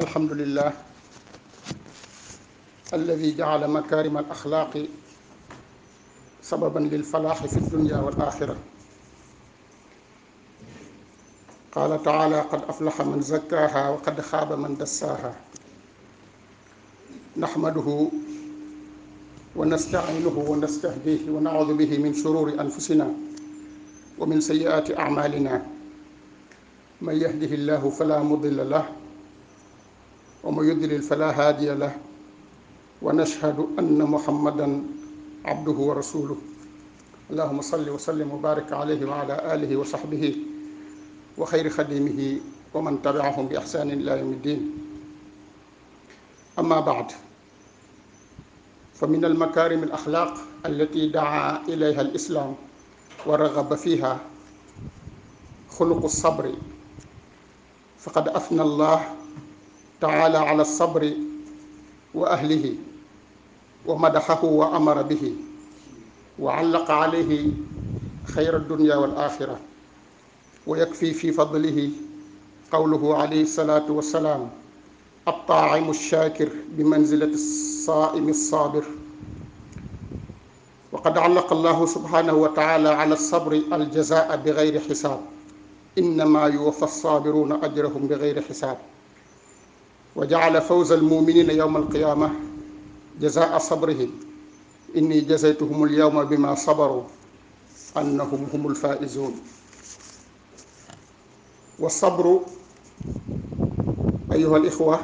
الحمد لله الذي جعل مكارم الأخلاق سببا للفلاح في الدنيا والآخرة قال تعالى قد أفلح من زكاها وقد خاب من دساها نحمده ونستعينه ونستهديه ونعوذ به من شرور أنفسنا ومن سيئات أعمالنا من يهده الله فلا مضل له ومن يضلل فلا هادي له ونشهد أن محمدا عبده ورسوله اللهم صل وسلم وبارك عليه وعلى آله وصحبه وخير خديمه ومن تبعهم بإحسان إلى يوم الدين أما بعد فمن المكارم الأخلاق التي دعا إليها الإسلام ورغب فيها خلق الصبر فقد أثنى الله taala ala sabri wa ahlihi wa madaxahu wa amara bihi wa allaqa alayhi xayra dunya wal axira wa yakfi fi fadlihi qawluhu alayhi salaatu wa salaam attaa'imu shaakir bi manzilati saa'imi saabir وقد علق الله سبحانه وتعالى على الصبر الجزاء بغير حساب إنما يوفى الصابرون أجرهم بغير حساب wa jaala fawza almuminina yowma alqiyama jazaa sabrihim inni jazaytuhum alyawma bima sabaru annahum hum alfaizun wa sabru ayuha alixwa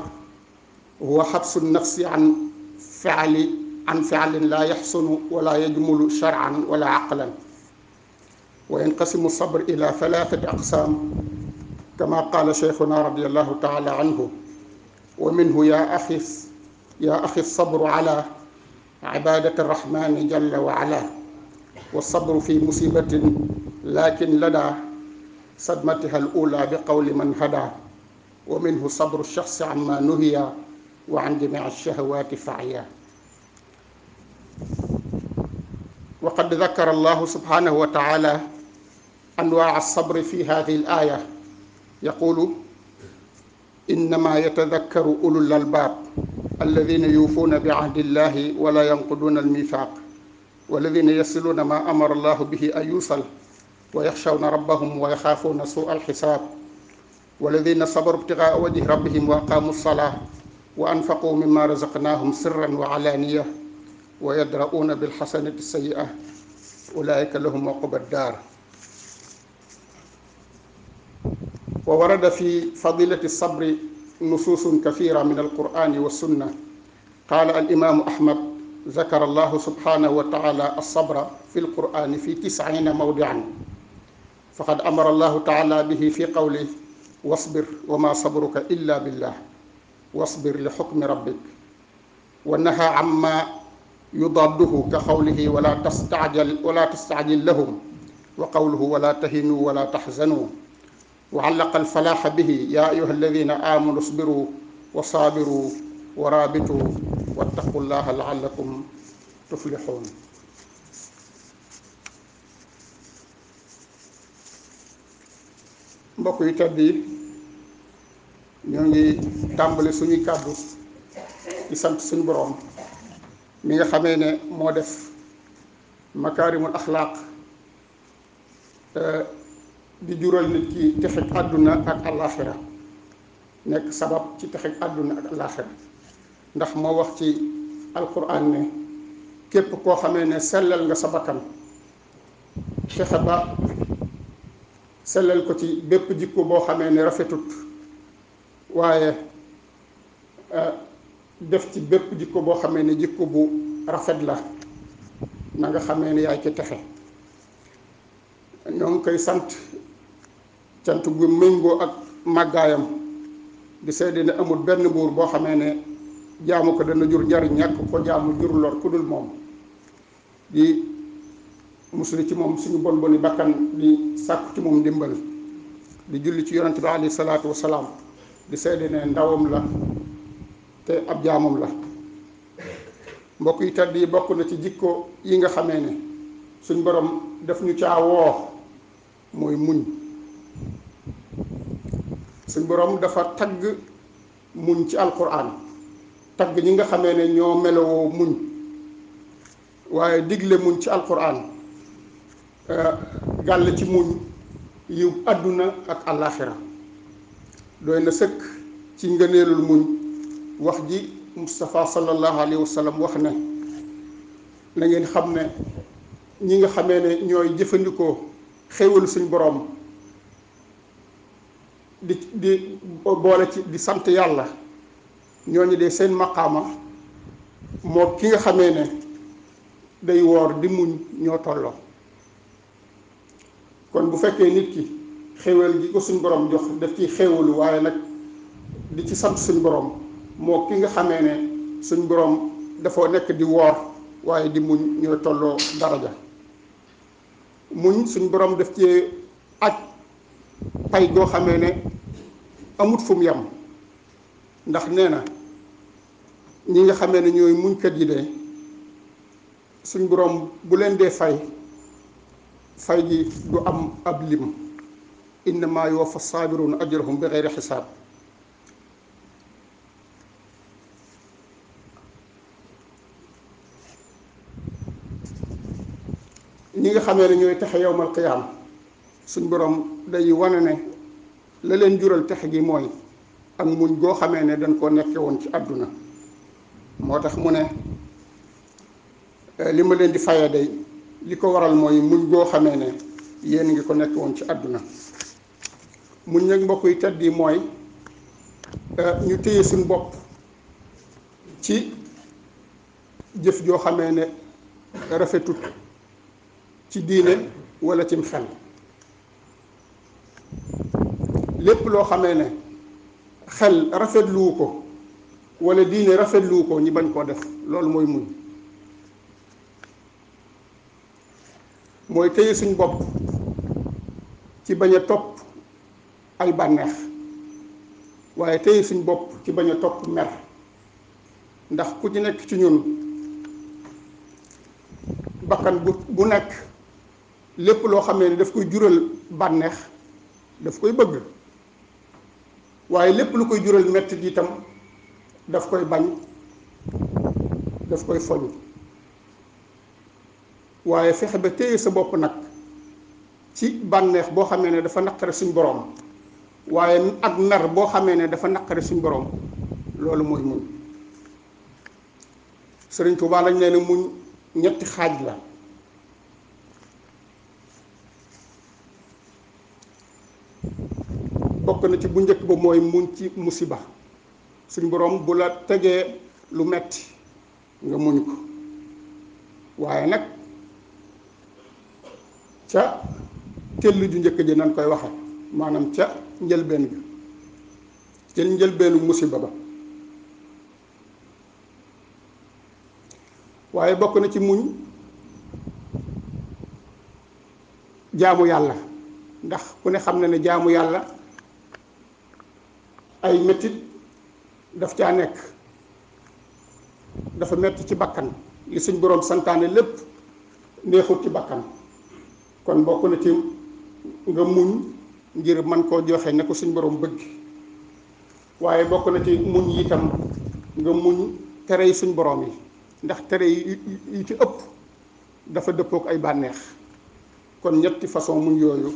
huwa xabsu nafsi an fiali an fialin laa yaxsunu wala yajmulu sharcan wala aqlan wa yanqasimu sabr ila thalathati aqsam kama qala cheikhuna radiallahu taala anhu wa minhu yaa axi yaa axi sabru ala ibadati rahmani jalla wa ala wa sabru fi musibatin lakin lada sadmatiha al ula bi qawli man hada wa minhu sabru shaxsi amma nuhiya wa an jamii alshahawati faiya وقد ذكر الله سبحانه وتعالى أنواع الصبر في هذه الآية يقول innama yatadakkaru ulul albaab alladina yuufuuna bi ahdillahi wala yanquduuna almifaaq walladina yasiluuna ma amara allahu bihi an yuusal wa yaxshawna rabbahum wa yaxaafuuna suu alxisaab walladina sabaru ibtigaa wajhi rabbihim wa aqaamu salaa wa anfaquu mimma razaqnaahum sirran wa alaaniya wa yadra'uuna bilxasanati sayyi'a ulaa'ika lahum uqba daar wa warada fi fadilati sabri nusuusun kathira min alqur'ani wa sunna qaala alimaamu ahmad zakara allahu subhanahu wa taala alsabra fi lqur'ani fi tisina mawdian faqad amara allahu taala bihi fi qawli wasbir wa ma sabruka illa billah wasbir li xukmi rabbik wa naha amma yudadduhu ka qawlihi wala tastajal wala tastajil lahum wa qawluhu wala tahinu wala tahzanu wa allaqa alfalaaxa bihi yaa ayuha alladina amanu sbiru wa saabiru wa raabitu wattaqu llaha laallakum tuflixuun mbokk yu tedd yi ñoo ngi tàmbali suñuy kàddu di sant suñu mi nga xamee ne moo def makaarimul euh, di jural nit ki texeg àdduna ak àllaaxira nekk sabab ci texeg àdduna ak àllaaxira ndax moo wax ci alquran ne képp koo xamee ne sellal nga sa bakkan fexe ba sellal ko ci bépp jikko boo xamee ne rafetut waaye euh, def ci bépp jikko boo xamee ne jikko bu rafet la na nga xamee ne yaay ci texe ñoo ngi koy sant cant gu méngoo ak màggaayam di seede ne amul benn buur boo xamee ne jaamu ko dana jur njariñ ñàkk ko jaamu jur lor ku dul moom di musli ci moom suñu bon boni bakkan di sàkku ci moom ndimbal di julli ci yonante bi alayhi salaatu wasalaam di seede ne ndawam la te ab jaamam la mbokk yi tedd yi bokk na ci jikko yi nga xamee ne suñ borom daf ñu caawoo mooy muñ suñ borom dafa tagg muñ ci alquran tagg ñi nga xamee ne ñoo melowoo muñ waaye digle muñ ci alquran euh, gàll ci muñ yiw àdduna ak àllaaxira doy na sëkk ci ngëneelul muñ wax ji Moustapha sallallahu alayhi wa sallam wax ne na ngeen xam ne ñi nga xamee ne ñooy jëfandikoo xéwalu suñ boroom di di boole ci di sant yàlla ñooñu de seen maqaama moo ki nga xamee ne day woor di muñ ñoo tolloo kon bu fekkee nit ki xéewal gi ko suñ borom jox daf ciy xéewalu waaye nag di ci sant suñ boroom moo ki nga xamee ne suñ boroom dafa nekk di woor waaye di muñ ñoo tolloo daraja muñ suñ borom def cee aj pay goo xame ne amut fu mu yem ndax nee na ñi nga xamee ne ñooy muñkat yi de suñ boroom bu leen dee fay fay gi du am ab lim innama yuwaffa saabiruna ajrahum bi xeyri xisaab ñi nga xamee ne ñooy taxe yowmal qiyaam suñ boroom day wane ne la leen jural texe gi mooy ak muñ goo xamee ne dañ koo nekke woon ci àdduna moo tax mu ne eh, li ma leen di faye day li ko waral mooy muñ goo xame ne yéen ngi ko nekk woon ci adduna muñ nag mbokk yi tedd yi mooy eh, ñu téye suñ bopp ci jëf joo xame ne rafetut ci diine wala cim xel lépp loo xamee ne xel rafetluwu ko wala diine rafetluwu ko ñi bañ koo def loolu mooy muñ mooy téye suñ bopp ci bañ a topp ay bànneex waaye téye suñ bopp ci bañ a topp mer ndax ku ci nekk ci ñun bakkan bu bu nekk lépp loo xamee ne daf koy jural bànneex daf koy bëgg waaye lépp lu koy jural metti itam daf koy bañ daf koy foñ waaye fexe ba téye sa bopp nag ci bànneex boo xamee ne dafa naqare suñ boroom waaye ak nar boo xamee ne dafa naqare suñ boroom loolu mooy muñ sëriñ Tuubaa lañ nee ne muñ ñetti xaaj la bokk na ci bu njëkk ba mooy muñ ci musiba suñ borom bu la tegee lu metti nga muñ ko waaye nag ca kell ju njëkk ji nan koy waxe maanaam ca njëlbeen ga jël njëlbeenu musiba ba waaye bokk na ci muñ jaamu yàlla ndax ku ne xam na ne jaamu yàlla ay métit daf caa nekk dafa metti ci bakkan li suñ boroom santaane lépp neexut ci bakkan kon bokk na ci nga muñ ngir man koo joxe ne ko suñ boroom bëgg waaye bokk na ci muñ itam nga muñ tere yi suñ boroom yi ndax tere yi yi ci ëpp dafa dëppook ay bànneex kon ñetti façon muñ yooyu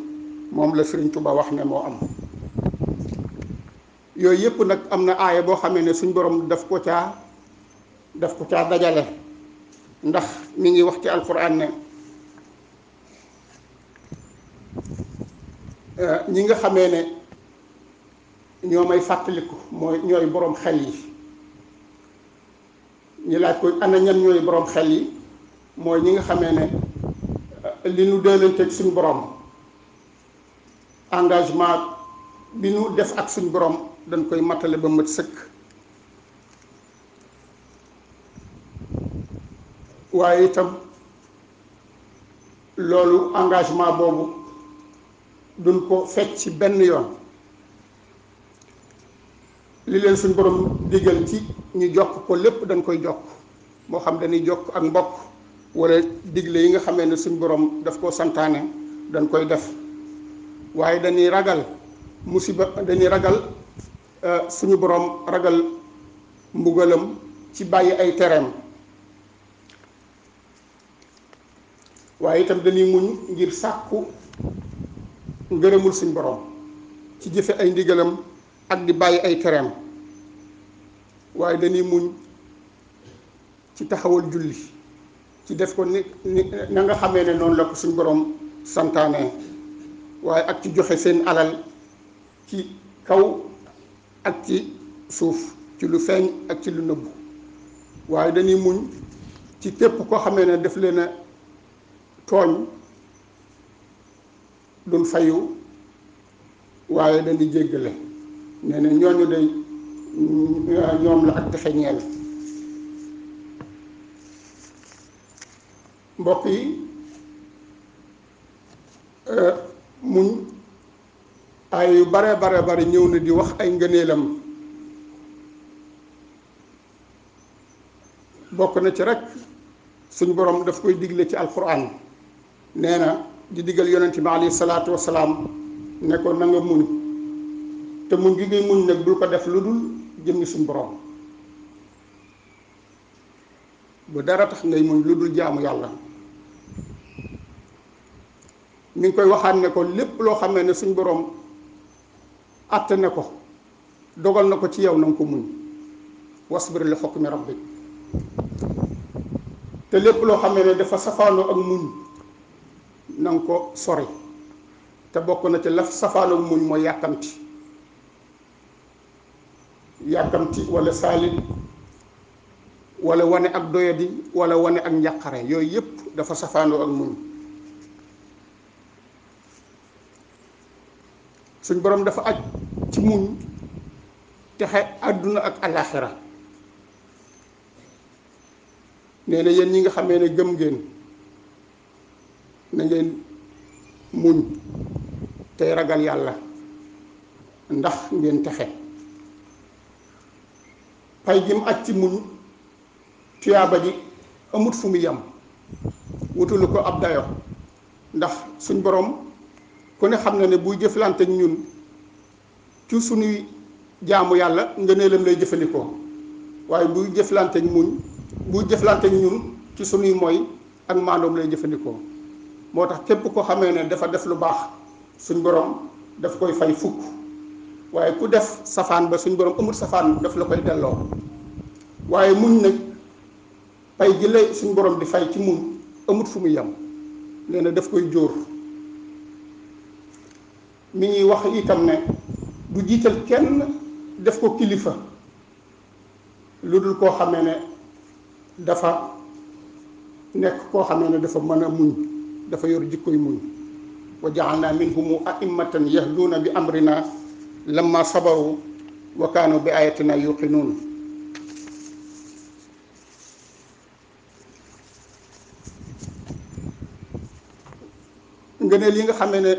moom la Sëriñ Tuubaa wax ne moo am yooyu yëpp nag am na aaya boo xamee ne suñ borom daf ko ca daf ko caa dajale ndax mi ngi wax ci alquran ne eh, ñi nga xamee ne ñoo may fàttaliku mooy ñooy borom xel yi ñi laaj ko ana ñan ñooy borom xel yi mooy ñi nga xamee ne eh, li nu teg suñ boroom engagement bi nu def ak suñ borom dañ koy matale ba mat sëkk waaye itam loolu engagement boobu duñ ko fekk ci benn yoon li leen suñ borom digal ci ñu jokk ko lépp dañ koy jokk moo xam dañuy jokk ak mbokk walla digle yi nga xamee ne suñ borom daf koo santaane dañ koy def waaye dañuy ragal musiba dañuy ragal Euh, suñu boroom ragal mbugalam ci bàyyi ay tereem waaye itam dañuy muñ ngir sàkku ngërëmul suñu borom ci jëfe ay ndigalam ak di bàyyi ay tereem waaye dañuy muñ ci taxawal julli ci def ko ni ni na ne noonu la ko suñu borom santaane waaye ak ci joxe seen alal ci kaw ak ci suuf ci lu feeñ ak ci lu nëbbu waaye dañuy muñ ci képp koo xamee ne daf leen a tooñ duñ fayu waaye dañuy jéggale nee na ñooñu day ñoom la ak texe ñeel mbokk yi euh, muñ ay yu bare bare bare ñëw na di wax ay ngëneelam bokk na ci rek suñu boroom daf koy digle ci alquran nee na di digal yonent bi alayhi salaatu wasalaam ne ko na nga muñ te muñ gi mu muñ dul ko def lu dul jëmmi suñu boroom bu dara tax ngay muñ lu dul jaamu yàlla mi ngi koy waxaat ne ko lépp loo xamee ne suñu boroom atte ne ko dogal na ko ci yow na ko muñ wasbir li xukmi rabbik te lépp loo xamee ne dafa safaanoo ak muñ na ko sori te bokk na ci la safaanoo muñ mooy yàkkamti yàkkamti wala saalin wala wane ak doyadi wala wane ak njàqare yooyu yëpp dafa safaanoo ak muñ suñ boroom dafa aj ci muñ texe àdduna ak alaxira nee na ñi nga xamee ne gëm ngeen na ngeen muñ tey ragal yàlla ndax ngeen texe pay gi mu aj ci muñ tuyaaba ji amut fu mu yem wutulu ko ab dayo ndax suñ boroom ku ne xam na ne buy jëflante ñun ci suñuy jaamu yàlla nga ne lay jëfandikoo waaye buy jëflante muñ buy jëflante ñun ci suñuy mooy ak maandoom lay jëfandikoo moo tax képp ko xamee ne dafa def lu baax suñ borom daf koy fay fukk waaye ku def safaan ba suñ borom amul safaan daf la koy delloo waaye muñ nañ pay gi lay suñ borom di fay ci muñ amut fu muy yem nee na daf koy jóor mi ngi wax itam ne du jiital kenn def ko kilifa lu dul koo xamee ne dafa nekk koo xamee ne dafa mën a muñ dafa yor jikkoy muñ wa ja'alna minhum a'immatan yahduuna bi amrina lamma sabaru wa kaanu bi ayatina yuqinuun ngëneel yi nga xamee ne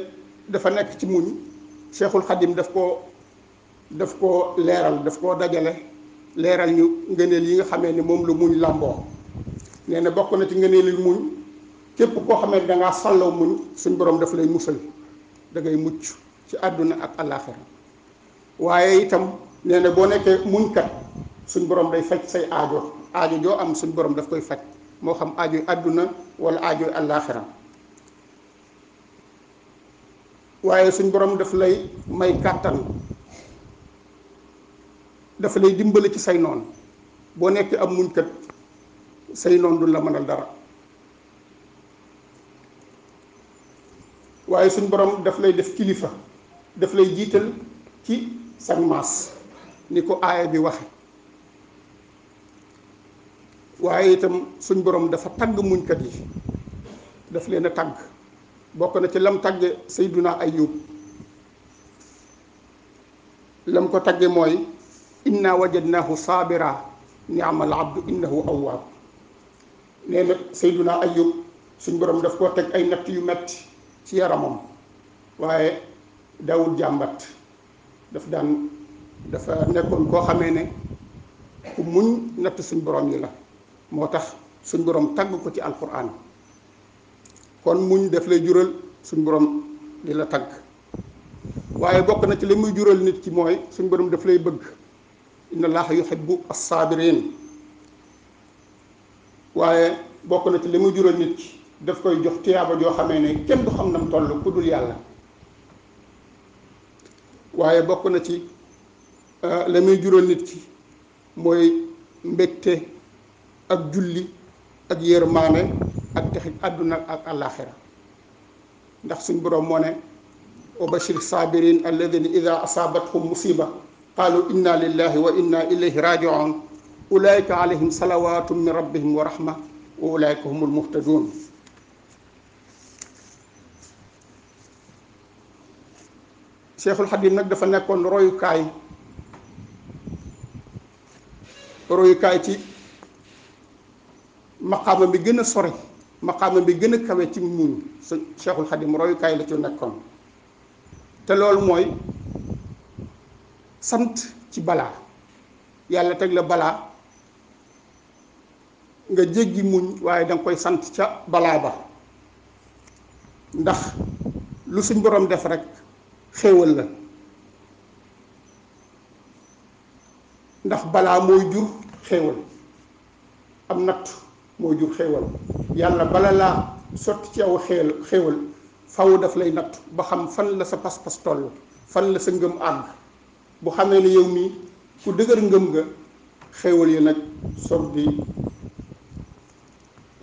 dafa nekk ci muñ cheikhul xadim daf koo daf ko leeral daf koo dajale leeral ñu ngëneel yi nga xamee ne moom la muñ làmboo nee na bokk na ci ngëneelil muñ képp koo xamee ne dangaa sàllaw muñ suñ borom daf lay musal dangay mucc ci àdduna ak àllaaxira waaye itam nee boo nekkee muñkat suñ borom day faj say aajo aajo joo am suñ borom daf koy faj moo xam aajoy àdduna wala aajoy àllaaxira waaye suñ boroom daf lay may kàttan dafa lay dimbale ci say noon boo nekkee am muñkat kat say noon duñ la mënal dara waaye suñ borom daf lay def kilifa daf lay jiital ci sag maas ni ko aaya bi waxe waaye itam suñ borom dafa tagg muñkat yi daf leen a tagg bokk na ci lam tagge sayduna ayub lam ko tagge mooy inna wajadnahu saabira niamal abdu innahu awwaab nee na sayduna ayub suñ borom daf koo teg ay natt yu metti ci yaramam waaye daawul jàmbat daf daan dafa nekkoon koo xamee ne ku muñ natt suñ borom yi la moo tax suñ borom tagg ko ci alquran kon muñ def lay jural suñ borom di la tagg waaye bokk na ci li muy jural nit ci mooy suñ borom daf lay bëgg inna allaha yuhibbu as-sabirin waaye bokk na ci li muy jural nit daf koy jox tiyaaba joo xamee ne kenn du xam nam toll ku dul yàlla waaye bokk na ci euh, la muy nit ki mooy mbégte ak julli ak yërmaane ak texit àdduna ak àllaaxira ndax suñ boroom moo ne wa bashir sabirin alladina ida asaabathum musiba qaalu inna lillahi wa inna ilayhi rajiun ulaika alayhim salawatum min rabbihim wa rahma wa ulaika humul muhtadun cheikhul xadim nag dafa nekkoon royukaay royukaay ci maqaama bi gën a sore maqaama bi gën a kawe ci muñ sa cheikhul xadim royukaay la ci nekkoon te loolu mooy sant ci balaa yàlla teg la balaa nga jéggi muñ waaye danga koy sant ca balaa ba ndax lu suñ borom def rek xéewal la ndax balaa mooy jur xéewal am natt mooy jur xéewal yàlla bala laa sotti ci aw xeel xéewal faw daf lay natt ba xam fan la sa pas-pas toll fan la sa ngëm àgg bu xamee ne yow mii ku dëgër ngëm nga xéewal yi nag soog di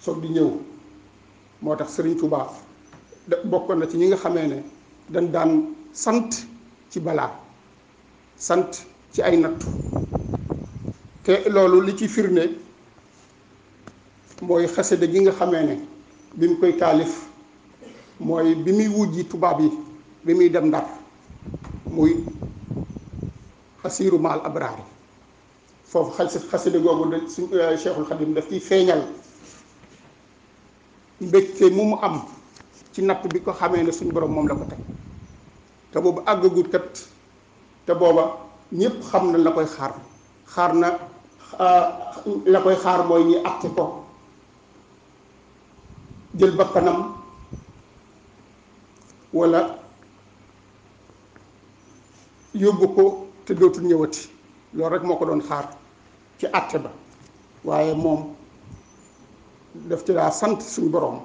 soog di ñëw moo tax Sëriñ Tuubaa bokk na ci ñi nga xamee ne dañ daan sant ci balaa sant ci ay nattu te loolu li ci firnde mooy xasida gi nga xame ne bi mu koy taalif mooy bi muy wujji tubaab yi bi muy dem ndar muy asiru maal abraar yi foofu xasida googu de suñ euh, cheikhul xadim daf ciy feeñal mbégte mu mu am ci napp bi ko xamee ne suñ borom moom la ko teg te boobu àggagut kat te booba ñëpp xam na la koy xaar xaar na euh, la koy xaar mooy ñi àtte ko jël bakkanam wala yóbbu ko te dootul ñëwati loolu rek moo ko doon xaar ci àtte ba waaye moom def ci daa sant suñu borom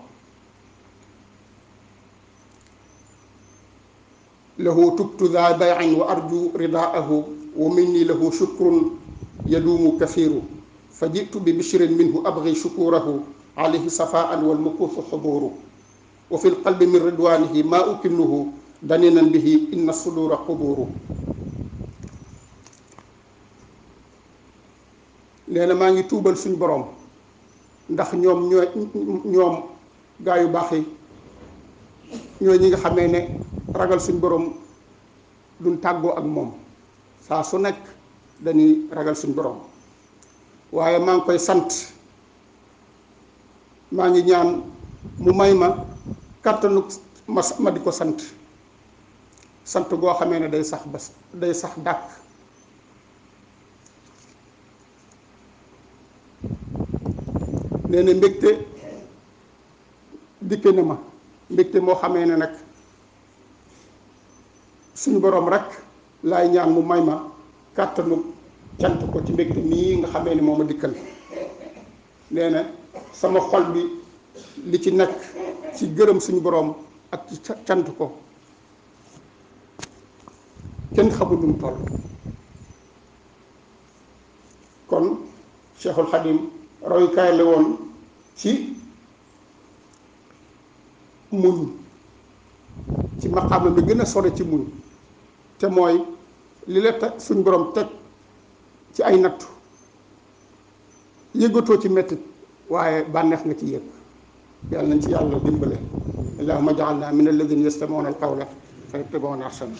lahu tubtu daa bayin wa arju ridaahu wa minni lahu shukrun yaduumu kathiru fa jitu bi bishrin minhu abgi shukurahu alayhi safaan wal mukuufu xubuuru wa fi lqalbi min ridwaanihi maa ukimnuhu daninan bihi inna suduura xubuuru na maa ngi tuubal suñ boroom ndax ñoom ñoom gaa yu baax yi ñoo ñi nga xamee ne ragal suñ boroom duñ tàggoo ak moom saa su nekk dañuy ragal suñ boroom waaye maa ngi koy sant maa ngi ñaan mu may ma kattanu ma di ko sant sant goo xamee ne day sax ba day sax dàkk nee na mbégte dikke ma mbégte moo xamee ne nag suñu boroom rek laay ñaan mu may ma kàttanu cant ko ci mbégte mii nga xamee ne moo ma dikkal nee na sama xol bi li ci nekk ci gërëm suñu boroom ak ci cant ko kenn xamul toll kon Cheikhul Xadim royukaay woon ci muñ ci maqaama bi gën a sore ci muñ te mooy li la teg suñu teg ci ay nattu yëgatoo ci mettit waaye bànneex nga ci yëg yàlla nañ ci yàlla dimbale allahuma jaalna min alladina yastamiuna alqawla fa yattabiuna ahsana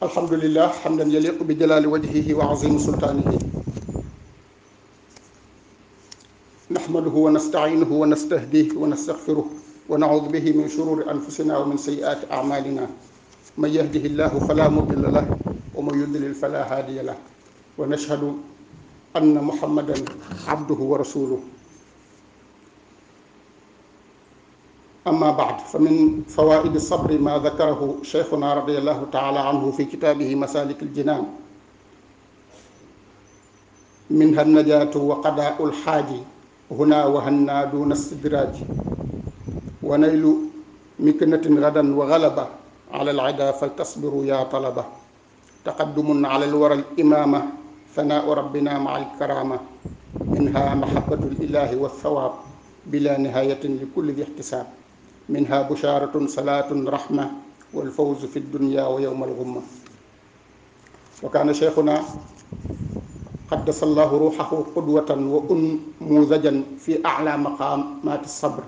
alhamdulillah hamdan yaliqu bi jalali wajhihi wa azimi sultanihi نحمده ونستعينه ونستهديه ونستغفره ونعوذ به من شرور أنفسنا ومن سيئات أعمالنا من يهده الله فلا مضل له ومن يضلل فلا هادي له ونشهد أن محمدا عبده ورسوله أما بعد فمن فوائد الصبر ما ذكره شيخنا رضي الله تعالى عنه في كتابه مسالك الجنان منها النجاة وقضاء الحاج هنا وهنا دون استدراج ونيل مكنة غدا وغلبة على العدا فلتصبروا يا طلبة تقدم على الورى الإمامة ثناء ربنا مع الكرامة منها محبة الإله والثواب بلا نهاية لكل ذي احتساب منها بشارة صلاة رحمة والفوز في الدنيا ويوم الغمة وكان شيخنا qaddasallahu ruuxahu qudwatan wa unmuzajan fi ala maqaamaati sabr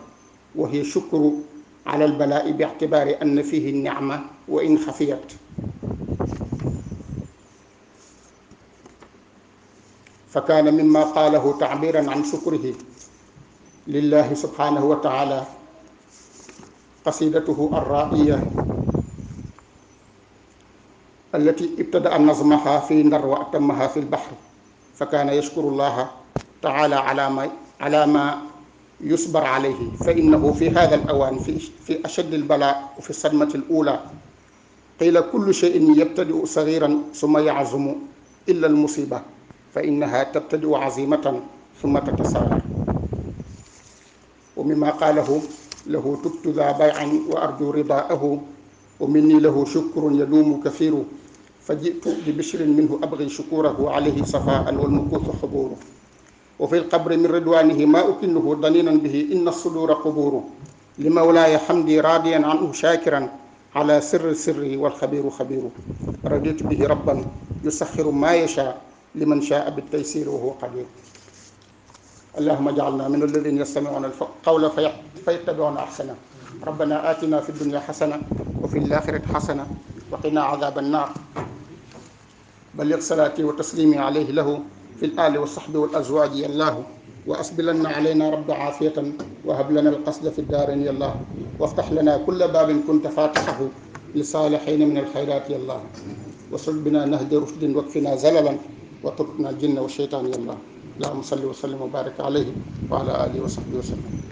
wa hiya shukru ala albalaa'i bi ictibaari anna fihi nicma wa in xafiyat fa kaana mimma qaalahu tacbiran an shukrihi lillahi subhanahu wa taala qasidatuhu arraiya allati ibtadaa nazmaha fi ndar wa atamaha fi lbaxri fa kaana yashkuru llaha taala ala ma ala ma yusbar alayhi fa innahu fi hada al awaan fi fi ashaddi al balaa wa fi sadmati al ula qila kullu cheyin yabtadiu sagiran summa yaazumu illa al musiba fa innaha tabtadiu azimatan summa tatasagar wa mima qaalahu lahu tubtu daa bay'an wa arju ridaahu wa minni lahu shukrun yaduumu kathiru fa jitu bi bishrin minhu abri shukurahu alayhi safaan wal mukuusu xubuuru wa fi lqabri min ridwanihi ma ukinnuhu daninan bihi inna suduura qubuuru li mawlaaya xamdi raadiyan anhu shaakiran ala sirri sirri wal xabiiru xabiiru raditu bihi rabban yusaxiru ma yashaa liman shaa bitaysiir wa huwa qadiir allahuma jaalna min alladina yastamicuuna alqawla fayattabicuuna axsana rabbana aatina fi dunya xasana wa fi laaxirati xasana wa qina cadaaba annaar بلغ صلاتي وتسليمي عليه له في الآل والصحب والأزواج يا الله وأسبلن علينا رب عافية وهب لنا القصد في الدارين يا الله وافتح لنا كل باب كنت فاتحه لصالحين من الخيرات يا الله وصل بنا نهج رشد واكفنا زللا وتركنا الجن والشيطان يا الله اللهم صل وسلم وبارك عليه وعلى آله وصحبه وسلم